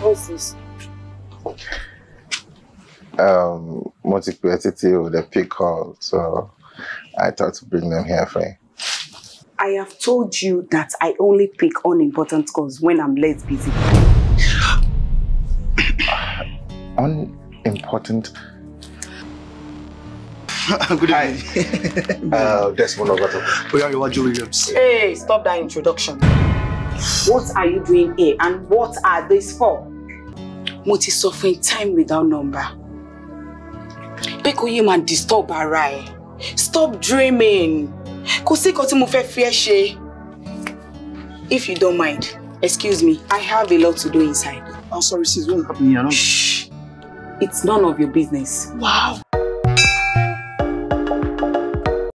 What's this? Um, multiplicity with the pick call, so I thought to bring them here for you. I have told you that I only pick unimportant calls when I'm less busy. unimportant? Good evening. uh, Desmond Ogato. We are Iwaju Williams. Hey, stop that introduction. What are you doing here and what are these for? Mo ti sọ fún time without number. Pé kò yé máa disturb ara ẹ̀. Stop dreaming. Kò sí nǹkan tí mo fẹ́ fi ẹ́ ṣe. If you don't mind, excuse me, I have a lot to do inside. I'm oh, sorry, sis, what's happening here? Shh! It's none of your business. Wow!